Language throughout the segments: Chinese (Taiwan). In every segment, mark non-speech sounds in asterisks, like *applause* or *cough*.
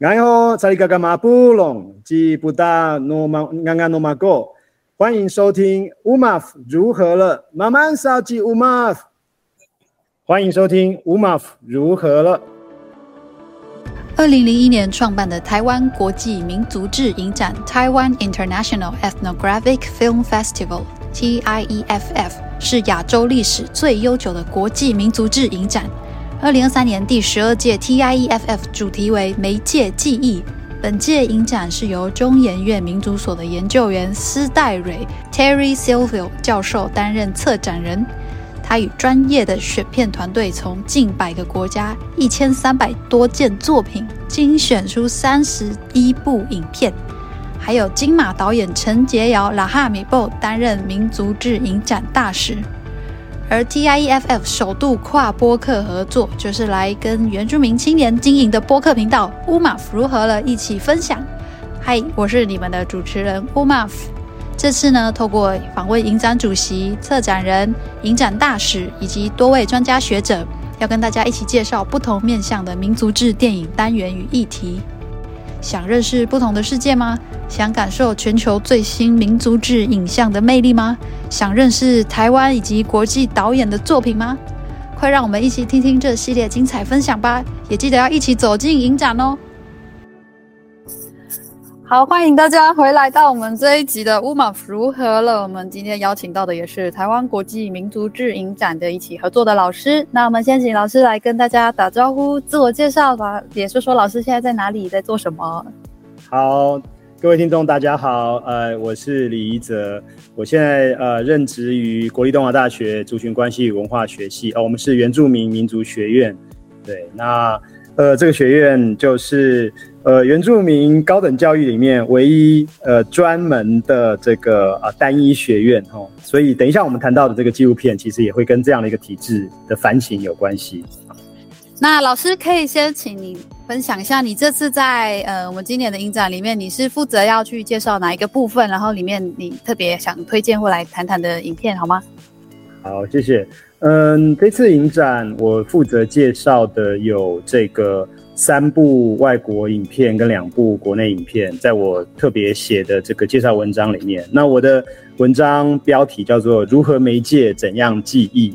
哎喲，查理哥哥馬布隆及布達剛剛歡迎收聽、UMAF、如何了，慢慢歡迎收聽、UMAF、如何了。二零零一年創辦的台灣國際民族志影展台灣 i n International Ethnographic Film Festival，TIEFF） 是亞洲歷史最悠久的國際民族志影展。二零二三年第十二屆 T I E F F 主題為媒介記憶。本屆影展是由中研院民族所的研究員斯戴蕊 （Terry Silvio） 教授擔任策展人，他與專業的選片團隊從近百個國家一千三百多件作品精選出三十一部影片，還有金馬導演陳杰瑤 （Lahmi b 擔任民族志影展大使。而 TIEFF 首度跨播客合作，就是來跟原住民青年經營的播客頻道 Umav 如何了，一起分享。嗨，我是你們的主持人 Umav。這次呢，透過訪問影展主席、策展人、影展大使以及多位專家學者，要跟大家一起介紹不同面向的民族志電影單元與議題。想認識不同的世界嗎？想感受全球最新民族誌影像的魅力嗎？想認識台灣以及國際導演的作品嗎？快讓我們一起聽聽這系列精彩分享吧！也記得要一起走進影展哦。好，歡迎大家回來到我們這一集的 Umav 如何了。我們今天邀請到的也是台灣國際民族誌影展的一起合作的老師。那我們先請老師來跟大家打招呼，自我介紹吧，也是說老師現在在哪裡，在做什麼。好，各位聽眾，大家好，呃，我是李宜澤，我現在呃任職於國立東華大學族群關係與文化學系，哦，呃，我們是原住民民族學院。對，那呃，這個學院就是。呃，原住民高等教育裡面唯一呃專門的這個啊、呃、單一學院哦，所以等一下我們談到的這個紀錄片，其實也會跟這樣的一個體制的反省有關係。那老師可以先請你分享一下，你這次在呃我們今年的影展裡面，你是負責要去介紹哪一個部分？然後裡面你特別想推薦或來談談的影片好嗎？好，謝謝。嗯，這次影展我負責介紹的有這個。三部外國影片跟兩部國內影片，在我特別寫的這個介紹文章裡面，那我的文章標題叫做《如何媒介，怎樣記憶》，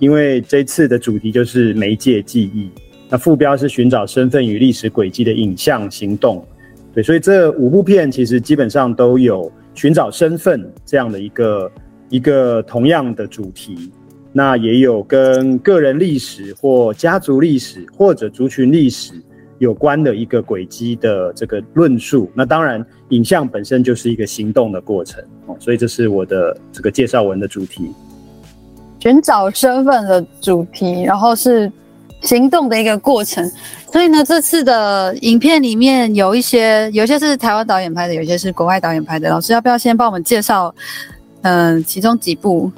因為這次的主題就是媒介記憶，那副標是尋找身份與歷史軌跡的影像行動，對，所以這五部片其實基本上都有尋找身份這樣的一個一個同樣的主題。那也有跟個人歷史或家族歷史或者族群歷史有關的一個軌跡的這個論述。那當然，影像本身就是一個行動的過程哦，所以這是我的這個介紹文的主題，尋找身份的主題，然後是行動的一個過程。所以呢，這次的影片裡面有一些，有些是台灣導演拍的，有些是國外導演拍的。老師要不要先幫我們介紹，嗯、呃，其中幾部？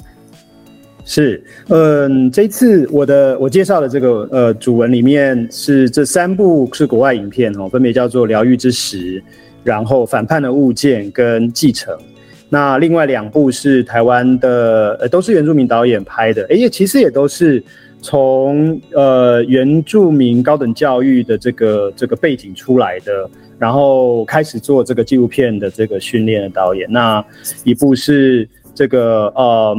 是，嗯，這次我的我介紹的這個呃，主文裡面是這三部是國外影片哦，分別叫做《療癒之時》，然後《反叛的物件》跟《繼承》，那另外兩部是台灣的，呃，都是原住民導演拍的，哎，其實也都是從呃原住民高等教育的這個這個背景出來的，然後開始做這個紀錄片的這個訓練的導演，那一部是這個嗯。呃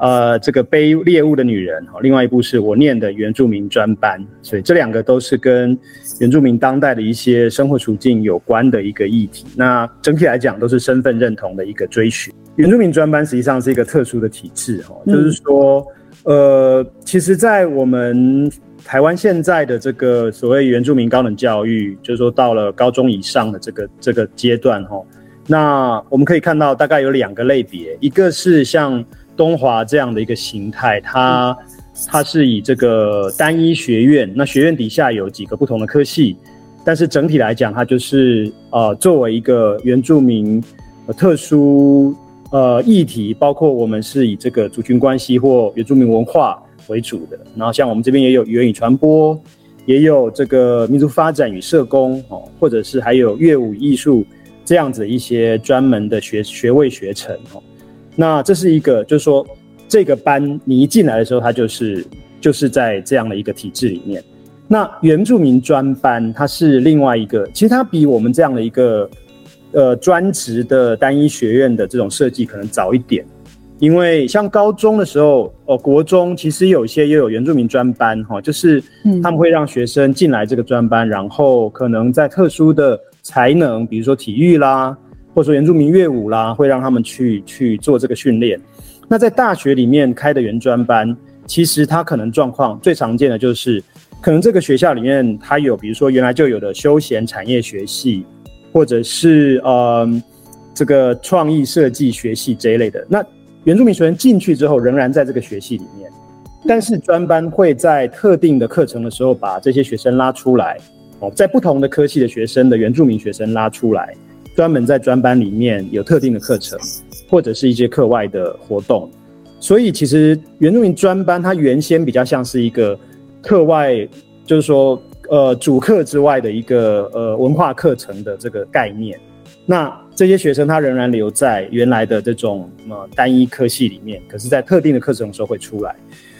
呃，這個背獵物的女人哈，另外一部是我念的原住民專班，所以這兩個都是跟原住民當代的一些生活處境有關的一個議題。那整體來講都是身份認同的一個追尋。原住民專班實際上是一個特殊的體制哈，就是說，嗯、呃，其實，在我們台灣現在的這個所謂原住民高等教育，就是說到了高中以上的這個這個階段哈，那我們可以看到大概有兩個類別，一個是像，東華這樣的一個形態，它它是以這個單一學院，那學院底下有幾個不同的科系，但是整體來講，它就是呃作為一個原住民、呃、特殊呃議題，包括我們是以這個族群關係或原住民文化為主的。然後像我們這邊也有語言與傳播，也有這個民族發展與社工哦，或者是還有樂舞藝術這樣子的一些專門的學學位學程哦。那這是一個，就是說，這個班你一進來的時候，它就是就是在這樣的一個體制裡面。那原住民專班它是另外一個，其實它比我們這樣的一個，呃，專職的單一學院的這種設計可能早一點，因為像高中的時候，呃國中其實有一些也有原住民專班哈，就是他們會讓學生進來這個專班，然後可能在特殊的才能，比如說體育啦。或者說原住民樂舞啦，會讓他們去去做這個訓練。那在大學裡面開的原專班，其實他可能狀況最常見的就是，可能這個學校裡面它有，比如說原來就有的休閒產業學系，或者是呃這個創意設計學系這一類的。那原住民學生進去之後，仍然在這個學系裡面，但是專班會在特定的課程的時候把這些學生拉出來，哦，在不同的科系的學生的原住民學生拉出來。專門在專班裡面有特定的課程，或者是一些課外的活動，所以其實原住民專班它原先比較像是一個課外，就是說呃主課之外的一個呃文化課程的這個概念。那這些學生他仍然留在原來的這種呃單一科系裡面，可是，在特定的課程的時候會出來。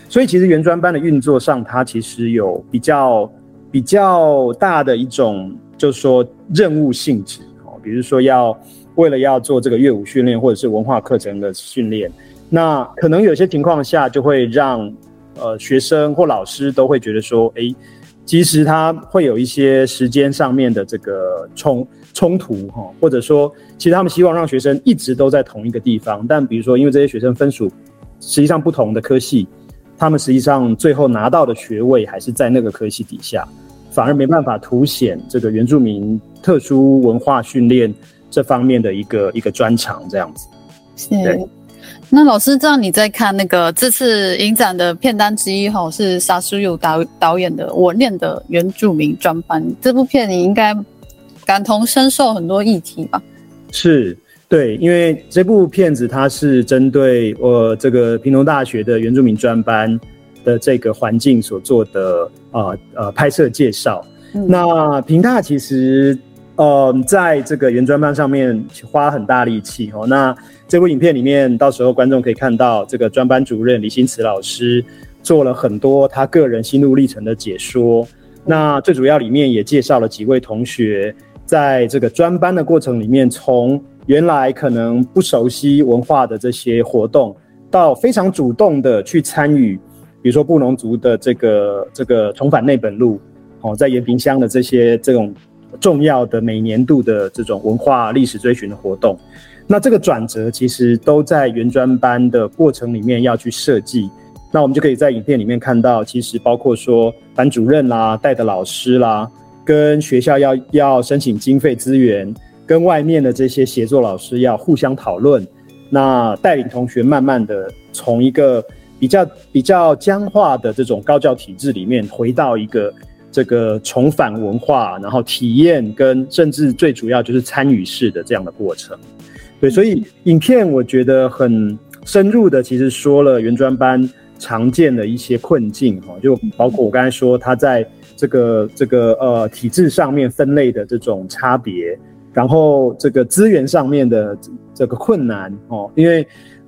所以其實原專班的運作上，它其實有比較比較大的一種，就是說任務性質。比如說，要為了要做這個樂舞訓練，或者是文化課程的訓練，那可能有些情況下就會讓呃學生或老師都會覺得說，誒、欸，其實他會有一些時間上面的這個衝衝突哈、哦，或者說，其實他們希望讓學生一直都在同一個地方，但比如說，因為這些學生分屬實際上不同的科系，他們實際上最後拿到的學位還是在那個科系底下。反而沒辦法凸顯這個原住民特殊文化訓練這方面的一個一個專長，這樣子。對，是那老師，知道你在看那個這次影展的片單之一哈，是沙叔友導演導演的《我念的原住民專班》這部片，你應該感同身受很多議題吧？是對，因為這部片子它是針對呃這個屏東大學的原住民專班。的這個環境所做的啊呃，呃拍攝介紹、嗯，那平大其實呃在這個原專班上面花很大力氣哦。那這部影片裡面，到時候觀眾可以看到這個專班主任李新慈老師做了很多他個人心路歷程的解說、嗯。那最主要裡面也介紹了幾位同學在這個專班的過程裡面，從原來可能不熟悉文化的這些活動，到非常主動的去參與。比如說布農族的這個這個重返內本路，哦，在延平鄉的這些這種重要的每年度的這種文化歷史追尋的活動，那這個轉折其實都在原專班的過程裡面要去設計。那我們就可以在影片裡面看到，其實包括說班主任啦、帶的老師啦，跟學校要要申請經費資源，跟外面的這些協作老師要互相討論，那帶領同學慢慢地從一個。比較比較僵化的這種高教體制裡面，回到一個這個重返文化，然後體驗跟甚至最主要就是參與式的這樣的過程，對，所以影片我覺得很深入的，其實說了原專班常見的一些困境哈，就包括我剛才說它在這個這個呃體制上面分類的這種差別，然後這個資源上面的這個困難哦，因為。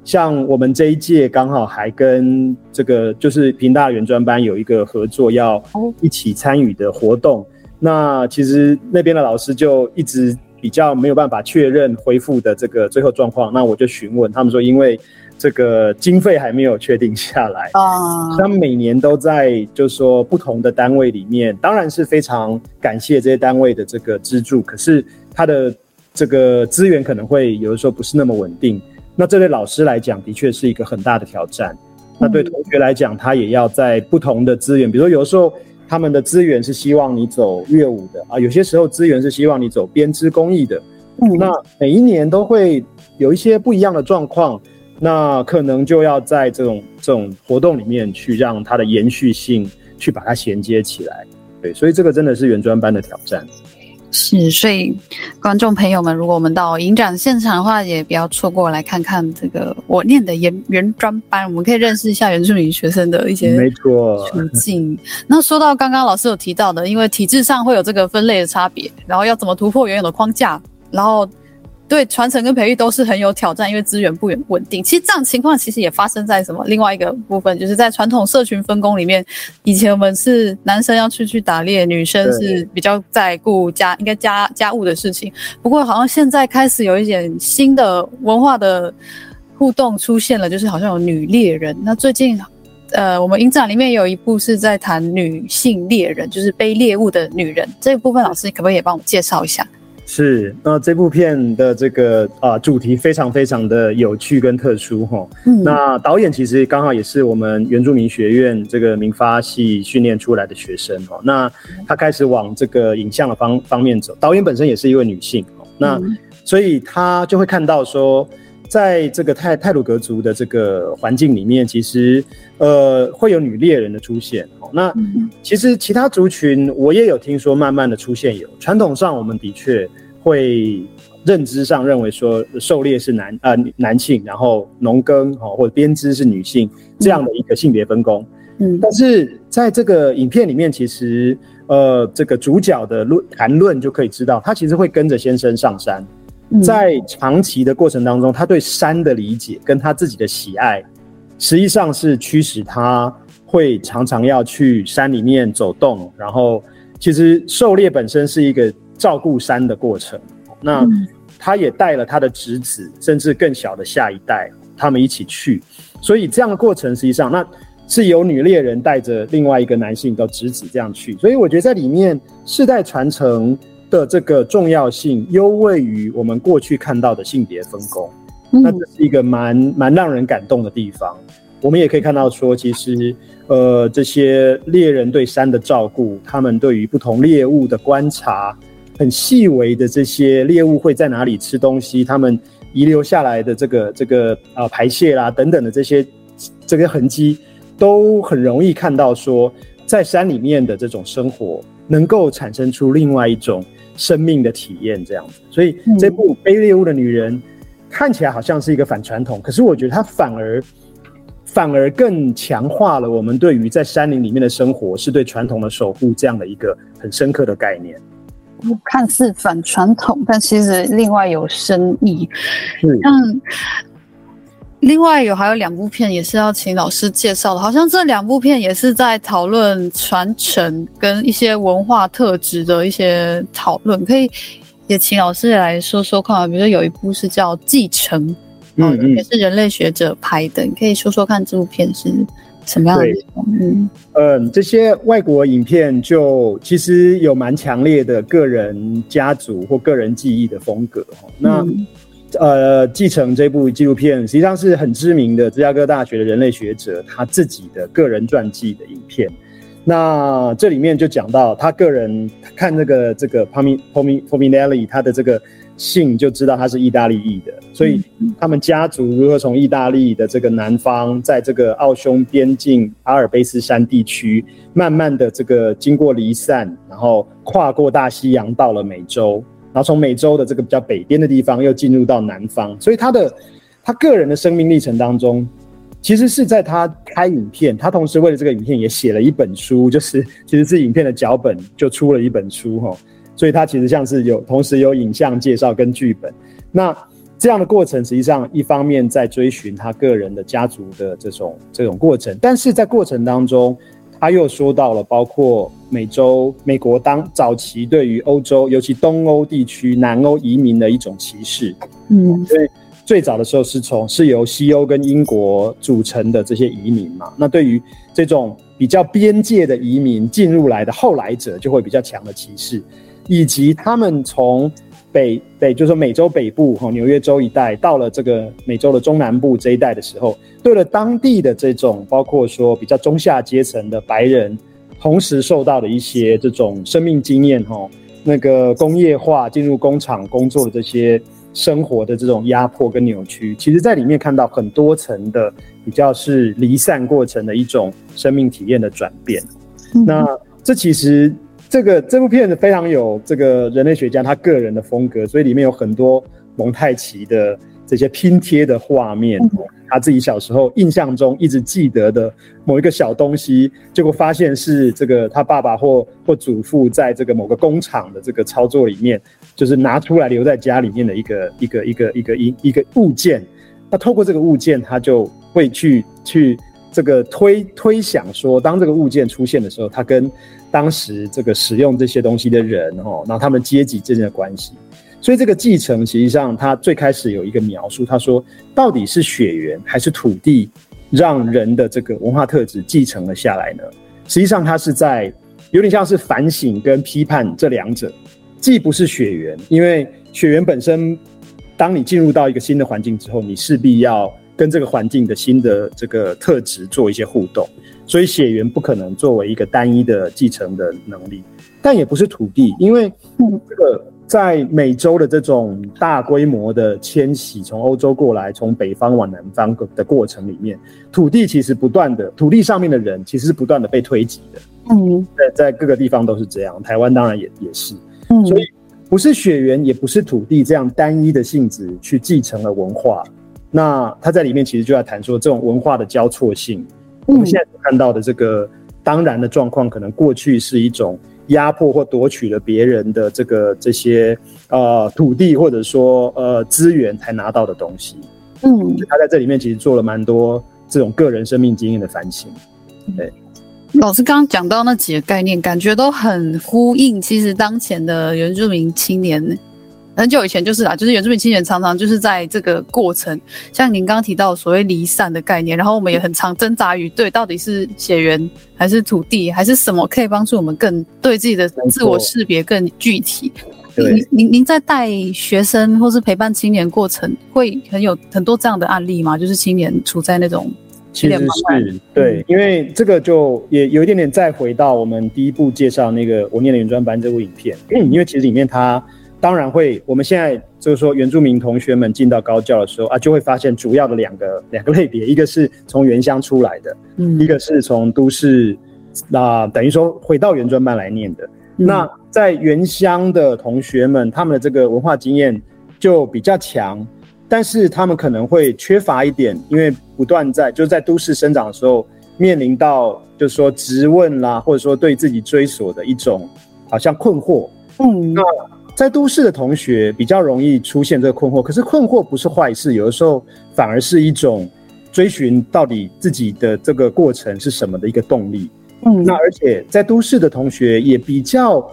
像我們這一屆剛好還跟這個就是屏大原專班有一個合作要一起參與的活動，嗯，那其實那邊的老師就一直比較沒有辦法確認恢復的這個最後狀況，那我就詢問他們說，因為這個經費還沒有確定下來，啊、嗯，他們每年都在就是說不同的單位裡面，當然是非常感謝這些單位的這個資助，可是他的這個資源可能會有的時候不是那麼穩定。那這對老師來講，的確是一個很大的挑戰。那對同學來講，他也要在不同的資源、嗯，比如說有時候他們的資源是希望你走樂舞的啊，有些時候資源是希望你走編織工藝的、嗯。那每一年都會有一些不一樣的狀況，那可能就要在這種這種活動裡面去讓它的延續性去把它銜接起來。對，所以這個真的是原專班的挑戰。是，所以觀眾朋友們，如果我們到影展現場的話，也不要錯過來看看這個我念的研原專班，我們可以認識一下原住民學生的一些，沒錯，情境。那說到剛剛老師有提到的，因為體制上會有這個分類的差別，然後要怎麼突破原有的框架，然後。對傳承跟培育，都是很有挑戰，因為資源不穩穩定。其實這樣情況其實也發生在什麼？另外一個部分就是在傳統社群分工裡面，以前我們是男生要出去去打獵，女生是比較在顧家，應該家家務的事情。不過好像現在開始有一點新的文化的互動出現了，就是好像有女獵人。那最近，呃，我們影展裡面有一部是在談女性獵人，就是背獵物的女人這一個部分，老師，你可不可以也幫我介紹一下？是，那這部片的這個啊、呃、主題非常非常的有趣跟特殊哈、嗯，那導演其實剛好也是我們原住民學院這個民發系訓練出來的學生哦。那他開始往這個影像的方方面走，導演本身也是一位女性哦，嗯、那所以他就會看到說。在這個太太魯閣族的這個環境裡面，其實呃會有女獵人的出現。喔、那、嗯、其實其他族群我也有聽說，慢慢的出現有傳統上我們的確會認知上認為說狩獵是男呃男性，然後農耕哈、喔、或者編織是女性這樣的一個性別分工。嗯，但是在這個影片裡面，其實呃這個主角的論談論就可以知道，他其實會跟着先生上山。在長期的過程當中，他對山的理解跟他自己的喜愛，實際上是驅使他會常常要去山裡面走動。然後，其實狩獵本身是一個照顧山的過程。那他也帶了他的侄子，甚至更小的下一代，他們一起去。所以這樣的過程實際上，那是由女獵人帶着另外一個男性到侄子這樣去。所以我覺得在裡面世代傳承的這個重要性，優位於我們過去看到的性別分工，嗯。那這是一個蠻蠻讓人感動的地方。我們也可以看到說，其實呃，這些獵人對山的照顧，他們對於不同獵物的觀察，很細微的這些獵物會在哪裡吃東西，他們遺留下來的這個這個呃排泄啦等等的這些這個痕跡，都很容易看到說，在山裡面的這種生活，能夠產生出另外一種。生命的體驗這樣子，所以這部《背獵物的女人》看起來好像是一個反傳統，可是我覺得它反而反而更強化了我們對於在山林裡面的生活是對傳統的守護這樣的一個很深刻的概念，嗯。看似反傳統，但其實另外有深意。嗯。另外有還有兩部片也是要請老師介紹的。好像這兩部片也是在討論傳承跟一些文化特質的一些討論，可以也請老師也來說說看。比如說有一部是叫《繼承》，嗯，也是人類學者拍的，你可以說說看這部片是什麼樣的？嗯嗯、呃，這些外國影片就其實有蠻強烈的個人家族或個人記憶的風格哈。那、嗯呃，繼承這部紀錄片實際上是很知名的芝加哥大學的人類學者他自己的個人傳記的影片。那這裡面就講到他個人看這個這個 Pomini -Pom Pomini Pominielli 他的這個姓就知道他是意大利裔的，所以他們家族如何從意大利的這個南方，在這個奧匈邊境阿爾卑斯山地區，慢慢的這個經過離散，然後跨過大西洋到了美洲。然後從美洲的這個比較北邊的地方，又進入到南方，所以他的他個人的生命歷程當中，其實是在他拍影片，他同時為了這個影片也寫了一本書，就是其實是影片的腳本就出了一本書哈、哦，所以他其實像是有同時有影像介紹跟劇本，那這樣的過程實際上一方面在追尋他個人的家族的這種這種過程，但是在過程當中。他又說到了，包括美洲、美國當早期對於歐洲，尤其東歐地區、南歐移民的一種歧視。嗯，最早的時候是從是由西歐跟英國組成的這些移民嘛，那對於這種比較邊界的移民進入來的後來者，就會比較強的歧視，以及他們從。北北就是說美洲北部哈，紐約州一帶，到了這個美洲的中南部這一帶的時候，對了當地的這種包括說比較中下階層的白人，同時受到的一些這種生命經驗哈，那個工業化進入工廠工作的這些生活的這種壓迫跟扭曲，其實在裡面看到很多層的比較是離散過程的一種生命體驗的轉變，嗯、那這其實。這個這部片子非常有這個人類學家他個人的風格，所以裡面有很多蒙太奇的這些拼貼的畫面。他自己小時候印象中一直記得的某一個小東西，結果發現是這個他爸爸或或祖父在這個某個工廠的這個操作裡面，就是拿出來留在家裡面的一個一個一個一個一個一個物件。那透過這個物件，他就會去去。這個推推想說，當這個物件出現的時候，它跟當時這個使用這些東西的人，哦，那他們階級之間的關係。所以這個繼承，實際上它最開始有一個描述，他說到底是血緣還是土地，讓人的這個文化特質繼承了下來呢？實際上他是在有點像是反省跟批判這兩者，既不是血緣，因為血緣本身，當你進入到一個新的環境之後，你勢必要。跟這個環境的新的這個特質做一些互動，所以血緣不可能作為一個單一的繼承的能力，但也不是土地，因為這個在美洲的這種大規模的遷徙，從歐洲過來，從北方往南方的過程裡面，土地其實不斷的，土地上面的人其實是不斷的被推擠的，嗯，在在各個地方都是這樣，台灣當然也也是，所以不是血緣，也不是土地這樣單一的性質去繼承了文化。那他在裡面其實就在談說這種文化的交錯性，我們現在看到的這個當然的狀況，可能過去是一種壓迫或奪取了別人的這個這些呃土地或者說呃資源才拿到的東西。嗯，他在這裡面其實做了蠻多這種個人生命經驗的反省。對、嗯，老師剛剛講到那幾個概念，感覺都很呼應，其實當前的原住民青年、欸。很久以前就是啦，就是原住民青年常常就是在這個過程，像您剛剛提到所謂離散的概念，然後我們也很常掙扎於對到底是血緣還是土地還是什麼可以幫助我們更對自己的自我識別更具體。您您您在帶學生或是陪伴青年過程會很有很多這樣的案例嗎？就是青年處在那種青年。其實是對、嗯，因為這個就也有一點點再回到我們第一部介紹那個我念的原專班這部影片、嗯，因為其實裡面它。當然會。我們現在就是說，原住民同學們進到高教的時候啊，就會發現主要的兩個兩個類別，一個是從原鄉出來的，嗯，一個是從都市，那、呃、等於說回到原專班來念的。那、嗯嗯嗯、在原鄉的同學們，他們的這個文化經驗就比較強，但是他們可能會缺乏一點，因為不斷在就在都市生長的時候，面臨到就是說質問啦，或者說對自己追索的一種好像困惑，嗯，那、嗯。在都市的同學比較容易出現這個困惑，可是困惑不是壞事，有的時候反而是一種追尋到底自己的這個過程是什麼的一個動力。嗯，那而且在都市的同學也比較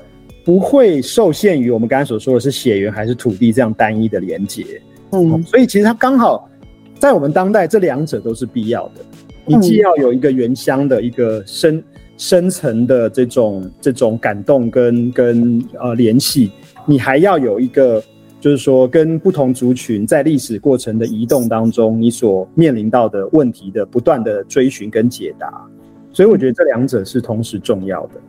不會受限於我們剛才所說的是血緣還是土地這樣單一的連結。嗯。嗯，所以其實它剛好在我們當代這兩者都是必要的。你既要有一個原鄉的一個深深層的這種這種感動跟跟呃聯繫。你還要有一個，就是說，跟不同族群在歷史過程的移動當中，你所面臨到的問題的不斷的追尋跟解答，所以我覺得這兩者是同時重要的。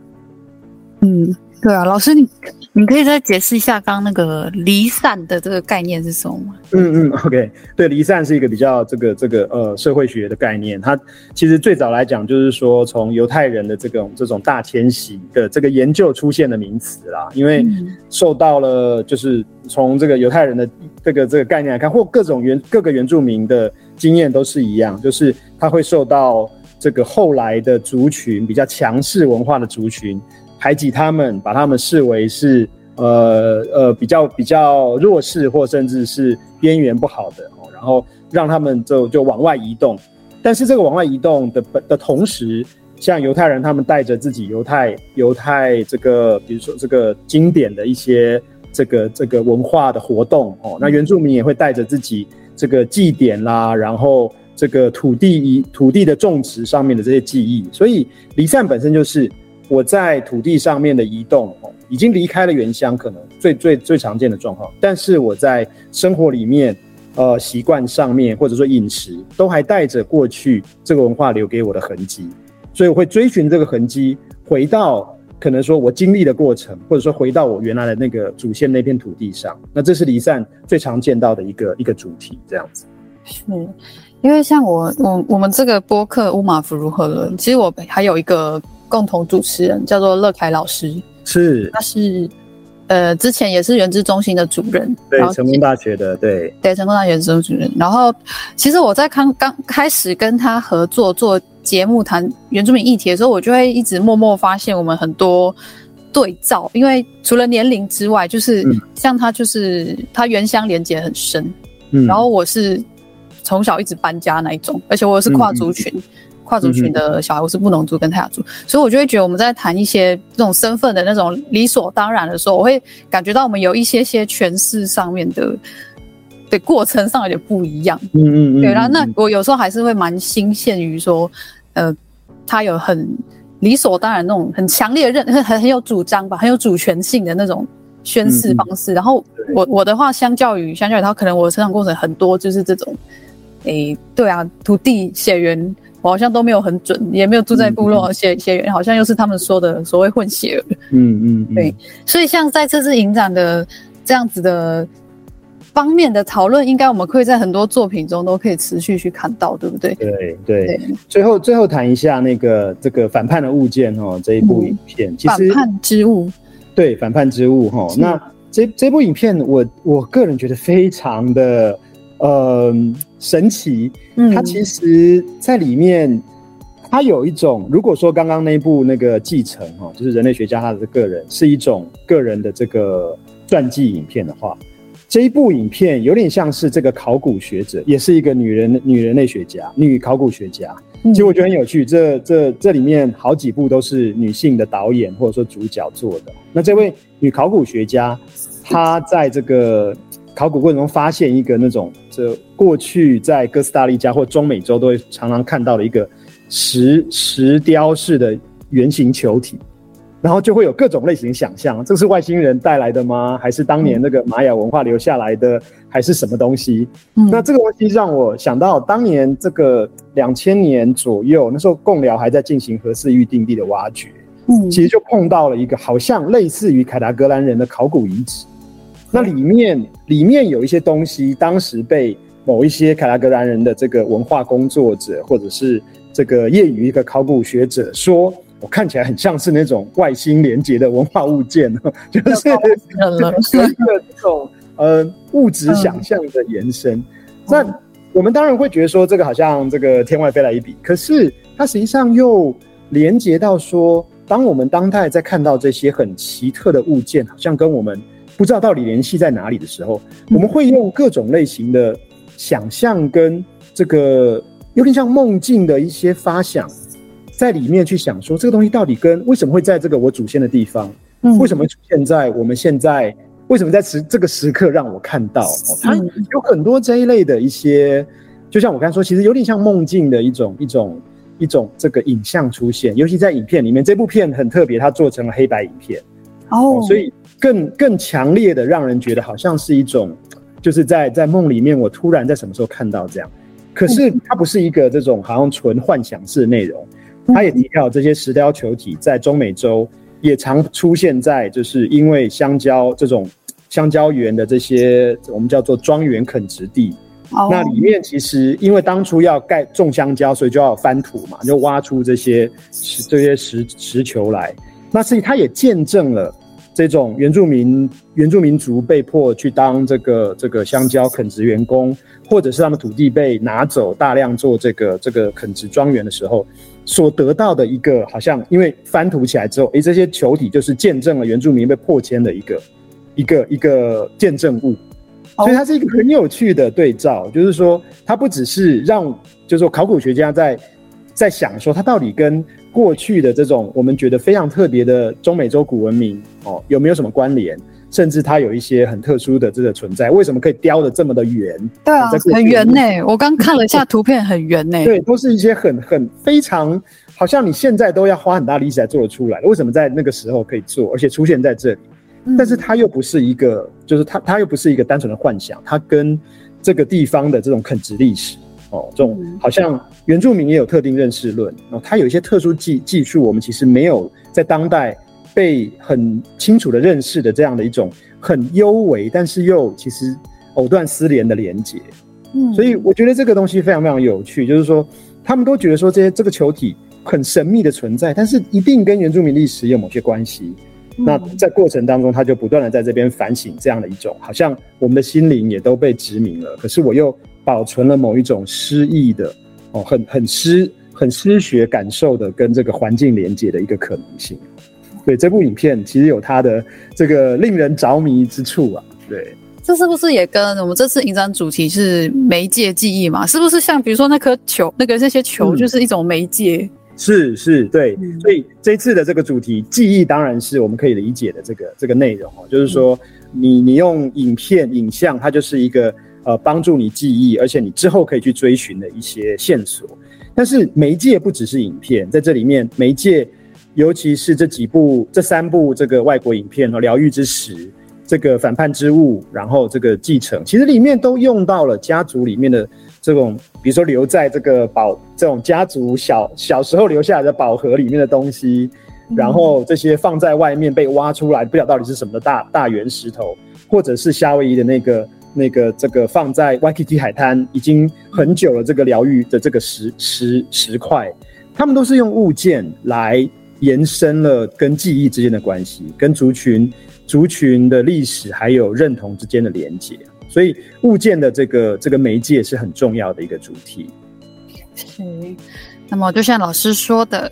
嗯，嗯。對啊，老師你，你你可以再解釋一下剛剛那個離散的這個概念是什麼嗎？嗯嗯，OK，對，離散是一個比較這個這個呃社會學的概念，它其實最早來講就是說從猶太人的這種、個、這種大遷徙的這個研究出現的名詞啦，因為受到了就是從這個猶太人的這個這個概念來看，或各種原各個原住民的經驗都是一樣，就是它會受到這個後來的族群比較強勢文化的族群。排擠他們，把他們視為是呃呃比較比較弱勢或甚至是邊緣不好的哦，然後讓他們就就往外移動。但是這個往外移動的的同時，像猶太人他們帶着自己猶太猶太這個，比如說這個經典的一些這個這個文化的活動哦，那原住民也會帶着自己這個祭典啦，然後這個土地一土地的種植上面的這些記憶，所以離散本身就是。我在土地上面的移動，已經離開了原鄉，可能最最最常見的狀況。但是我在生活裡面，呃，習慣上面或者說飲食，都還帶着過去這個文化留給我的痕跡，所以我會追尋這個痕跡，回到可能說我經歷的過程，或者說回到我原來的那個祖先那片土地上。那這是離散最常見到的一個一個主題，這樣子。是，因為像我我我們這個播客 Umav 如何了？其實我還有一個。共同主持人叫做樂凱老師，是他是，呃，之前也是原資中心的主任，對，成功大學的，對，對，成功大學原資主任。然後，其實我在剛剛開始跟他合作做節目談原住民議題的時候，我就會一直默默發現我們很多對照，因為除了年齡之外，就是像他就是、嗯、他原鄉連結很深，嗯，然後我是從小一直搬家那一種，而且我也是跨族群。嗯嗯跨族群的小孩，我是布農族跟泰雅族，嗯嗯，所以我就會覺得我們在談一些這種身份的那種理所當然的時候，我會感覺到我們有一些些詮釋上面的的過程上有點不一樣。嗯嗯，嗯，嗯對了，然後那我有時候還是會蠻新鮮於說，呃，他有很理所當然那種很強烈的認很很有主張吧，很有主權性的那種宣示方式嗯嗯。然後我我的話相，相較於相較於他，可能我成長過程很多就是這種，哎，對啊，土地血緣。我好像都沒有很準，也沒有住在部落的，血血緣好像又是他們說的所謂混血。嗯嗯，嗯，對。所以像在這次影展的這樣子的方面的討論，應該我們可以在很多作品中都可以持續去看到，對不對？對對，對。最後最後談一下那個這個反叛的物件哈，這一部影片、嗯、反叛之物。對，反叛之物哈、啊。那這這部影片我，我我個人覺得非常的，嗯、呃。神奇，它其實在裡面，嗯，它有一種。如果說剛剛那一部那個《繼承》哈，就是人類學家他的個人是一種個人的這個傳記影片的話，這一部影片有點像是這個考古學者，也是一個女人，女人類學家，女考古學家。嗯，其實我覺得很有趣，這這這裡面好幾部都是女性的導演或者說主角做的。那這位女考古學家，她在這個考古過程中發現一個那種這。過去在哥斯達黎加或中美洲都會常常看到的一個石石雕式的圓形球體，然後就會有各種類型想象，這是外星人帶來的嗎？還是當年那個瑪雅文化留下來的？嗯、還是什麼東西？嗯、那這個問題讓我想到當年這個兩千年左右，那時候貢寮還在進行核四預定地的挖掘，嗯，其實就碰到了一個好像類似於凱達格蘭人的考古遺址，那裡面裡面有一些東西，當時被某一些凱達格蘭人的這個文化工作者，或者是這個業餘一個考古學者，說我看起來很像是那種外星連接的文化物件，就是就是一個這種呃物質想象的延伸。那我們當然會覺得說，這個好像這個天外飛來一筆，可是它實際上又連接到說，當我們當代在看到這些很奇特的物件，好像跟我們不知道到底聯繫在哪裡的時候，我們會用各種類型的。想象跟這個有點像夢境的一些發想，在裡面去想說這個東西到底跟為什麼會在這個我祖先的地方，為什麼會出現在我們現在，為什麼在此這個時刻讓我看到，哦？它有很多這一類的一些，就像我剛才說，其實有點像夢境的一種一種一種這個影像出現，尤其在影片裡面，這部片很特別，它做成了黑白影片，哦，所以更更強烈的讓人覺得好像是一種。就是在在夢裡面，我突然在什麼時候看到這樣，可是它不是一個這種好像純幻想式的內容，它也提到這些石雕球體在中美洲也常出現在，就是因為香蕉這種香蕉園的這些我們叫做莊園墾殖地，那裡面其實因為當初要蓋種香蕉，所以就要翻土嘛，就挖出這些這些石石球來，那所以它也見證了。這種原住民原住民族被迫去當這個這個香蕉墾殖員工，或者是他們土地被拿走，大量做這個這個墾殖莊園的時候，所得到的一個好像，因為翻土起來之後，誒這些球體就是見證了原住民被迫遷的一個一個一個見證物，所以它是一個很有趣的對照，就是說它不只是讓，就是說考古學家在，在想說，它到底跟過去的這種我們覺得非常特別的中美洲古文明，哦，有沒有什麼關聯？甚至它有一些很特殊的這個存在，為什麼可以雕得這麼的圓？對啊，很圓呢，欸。我剛看了一下圖片很，欸，很圓呢。對，都是一些很很非常，好像你現在都要花很大的力氣才做得出來。為什麼在那個時候可以做，而且出現在這裡？嗯、但是它又不是一個，就是它它又不是一個單純的幻想，它跟這個地方的這種墾殖歷史。哦，這種好像原住民也有特定認識論，然、哦、他有一些特殊技技術，我們其實沒有在當代被很清楚的認識的這樣的一種很幽微，但是又其實藕斷絲連的連接。嗯，所以我覺得這個東西非常非常有趣，就是說他們都覺得說這些這個球體很神秘的存在，但是一定跟原住民歷史有某些關係。那在過程當中，他就不斷的在這邊反省這樣的一種，好像我們的心靈也都被殖民了，可是我又保存了某一種詩意的，哦，很很詩很詩學感受的跟這個環境連接的一個可能性。對，這部影片其實有它的這個令人着迷之處啊。對，這是不是也跟我們這次影展主題是媒介記憶嘛？是不是像比如說那顆球，那個這些球就是一種媒介？嗯是是，對，所以這次的這個主題記憶當然是我們可以理解的這個這個內容，就是說你你用影片、影像，它就是一個呃幫助你記憶，而且你之後可以去追尋的一些線索。但是媒介不只是影片，在這裡面媒介，尤其是這幾部這三部這個外國影片和《療愈之石》、這個《反叛之物》，然後這個《繼承》，其實裡面都用到了家族裡面的。這種，比如說留在這個寶，這種家族小小時候留下來的寶盒裡面的東西，然後這些放在外面被挖出來，不曉得到底是什麼的大大圓石頭，或者是夏威夷的那個那個這個放在 Waikiki 海灘已經很久了這個療癒的這個石石石塊，他們都是用物件來延伸了跟記憶之間的關係，跟族群族群的歷史還有認同之間的連結。所以物件的這個這個媒介是很重要的一個主題。是，那麼就像老師說的，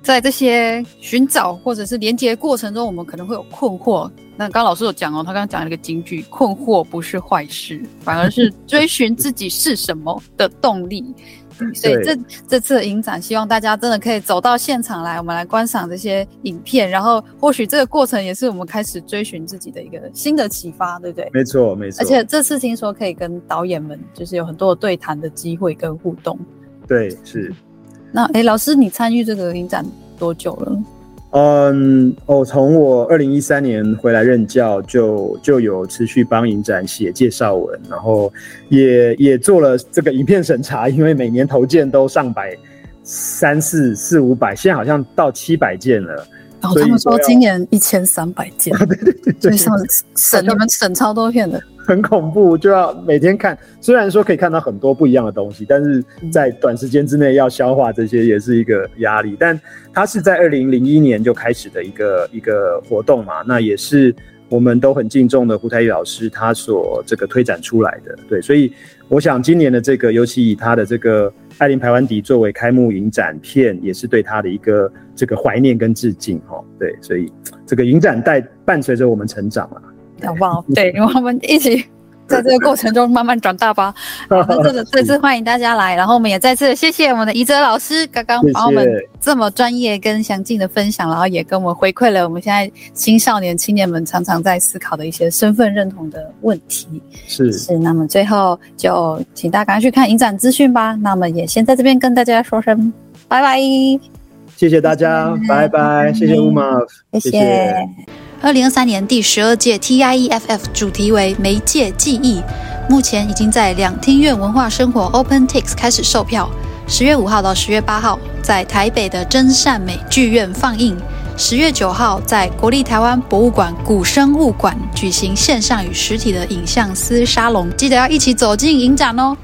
在這些尋找或者是連接過程中，我們可能會有困惑。那剛剛老師有講哦，他剛剛講了一個金句：困惑不是壞事，反而是追尋自己是什麼的動力。 *laughs* *laughs* 所以這這次的影展，希望大家真的可以走到現場來，我們來觀賞這些影片，然後或許這個過程也是我們開始追尋自己的一個新的啟發，對不對？沒錯，沒錯。而且這次聽說可以跟導演們就是有很多對談的機會跟互動。對，是。那誒，老師，你參與這個影展多久了？嗯、um, 哦，我從我二零一三年回來任教就，就就有持續幫影展寫介紹文，然後也也做了這個影片審查，因為每年投件都上百三四四五百，現在好像到七百件了。然、哦、後他們說今年一千三百件，對對對，省對，對，對，省你們省超多片的，很恐怖，就要每天看。雖然說可以看到很多不一樣的東西，但是在短時間之內要消化這些也是一個壓力。嗯、但它是在二零零一年就開始的一個、嗯、一個活動嘛，那也是我們都很敬重的胡台麗老師他所這個推展出來的，對，所以。我想今年的這個，尤其以他的這個《愛戀排灣笛》作為開幕影展片，也是對他的一個這個懷念跟致敬哈。對，所以這個影展帶伴隨着我們成長啊，很棒。對， *laughs* 因為我們一起。在這個過程中慢慢長大吧。 *laughs* 啊，真的，再次歡迎大家來，啊，然後我們也再次謝謝我們的宜澤老師，剛剛把我們這麼專業跟詳盡的分享，謝謝，然後也跟我們回饋了我們現在青少年青年們常常在思考的一些身份認同的問題。是是，那麼最後就請大家趕快去看影展資訊吧。那麼也先在這邊跟大家說聲拜拜謝謝，謝謝大家，拜拜，拜拜謝謝 Umav，謝謝。二零二三年第十二屆 TIEFF 主題為媒介記憶，目前已經在兩廳院文化生活 OpenTix 開始售票。十月五號到十月八號在台北的真善美劇院放映，十月九號在國立台灣博物館古生物館舉行線上與實體的影像思沙龍，記得要一起走進影展哦。